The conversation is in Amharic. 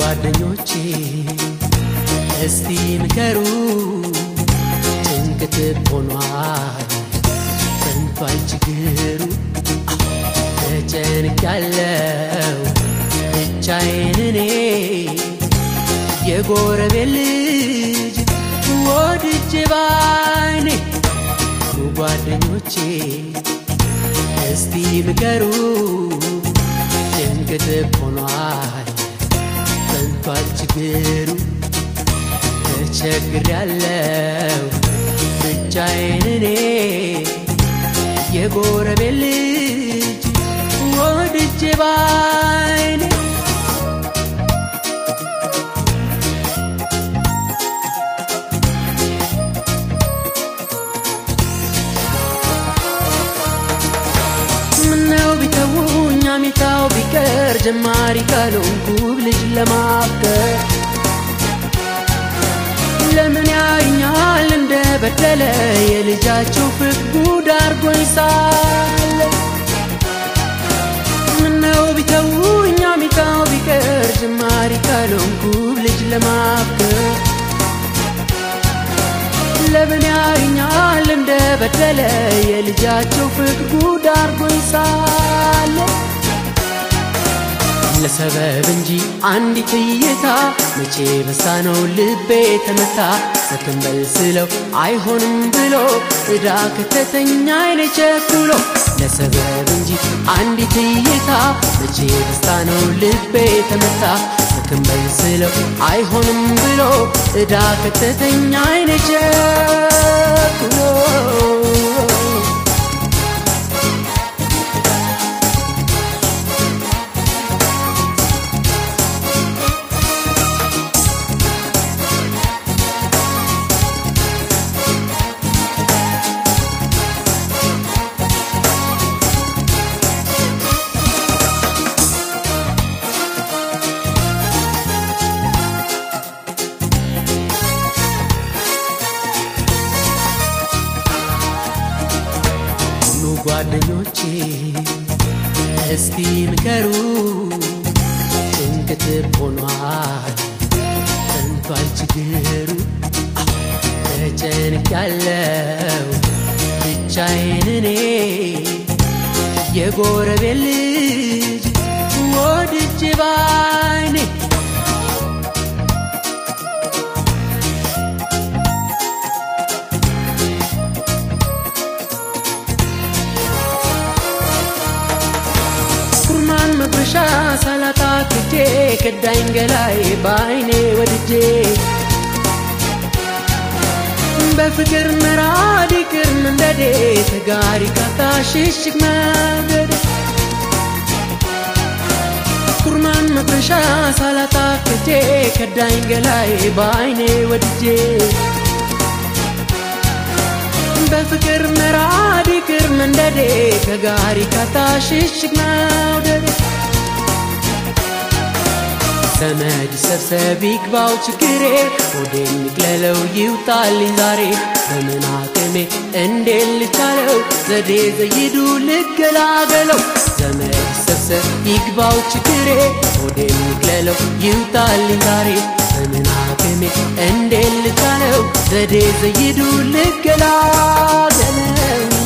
ጓደኞቼ እስቲ ምከሩ ጭንቅት ሆኗል ጥንቷል ችግሩ ተጨንቃለው ያለው እኔ የጎረቤ ልጅ ወድጄ ባይኔ ጓደኞቼ እስቲ ምከሩ ጭንቅ ሆኗል ባልችግሩ ግሩ ያለው! ብቻዬን እኔ የጎረቤት ልጅ ወድጄ ባ ዳኛሚታው ቢቀር ጀማሪ ካልሆንኩ ልጅ ለማፍቀር ለምን ያዩኛል እንደበደለ የልጃችሁ ፍቅር ጉድ አርጎኝ ሳለ ምነው ቢተውኝ አሚታው ቢቀር ጀማሪ ካልሆንኩ ልጅ ለማፍቀር ለምን ያዩኛል እንደበደለ የልጃችሁ ፍቅር ጉድ አርጎኝ ሳለ ለሰበብ እንጂ አንዲት ትይታ መቼ በሳ ነው ልቤ ተመታ ሰክንበል ስለው አይሆንም ብሎ እዳ ከተተኛ አይኔ ቸኩሎ ለሰበብ እንጂ አንዲት እይታ መቼ በሳ ነው ልቤ ተመታ ሰክንበል ስለው አይሆንም ብሎ እዳ ከተተኛ አይኔ ጓደኞቼ እስቲ ምከሩ እንቅጥር ሆኗል እንኳን ችግሩ ያለው ብቻዬን እኔ የጎረቤት ልጅ ወድጄ ባይኔ ሳላጣ ክጄ ከዳኝ ገላይ በአይኔ ወድጄ በፍቅር መራድ ይቅር መንደዴ ተጋሪ ካታ ሽሽግ መንገድ ኩርማን መፍረሻ ሳላጣ ከዳኝ ገላይ በአይኔ ወድጄ በፍቅር መራድ ይቅር መንደዴ ተጋሪ ካታ ሽሽግ ዘመድ ሰብሰብ ይግባው ችግሬ ወደ የሚቅለለው ይውጣልኝ ዛሬ በምን አቅሜ እንዴት ልቻለው ዘዴ ዘይዱ ልገላገለው ዘመድ ሰብሰብ ይግባው ችግሬ ወደ የሚቅለለው ይውጣልኝ ዛሬ በምን አቅሜ እንዴት ልቻለው ዘዴ ዘይዱ ልገላገለው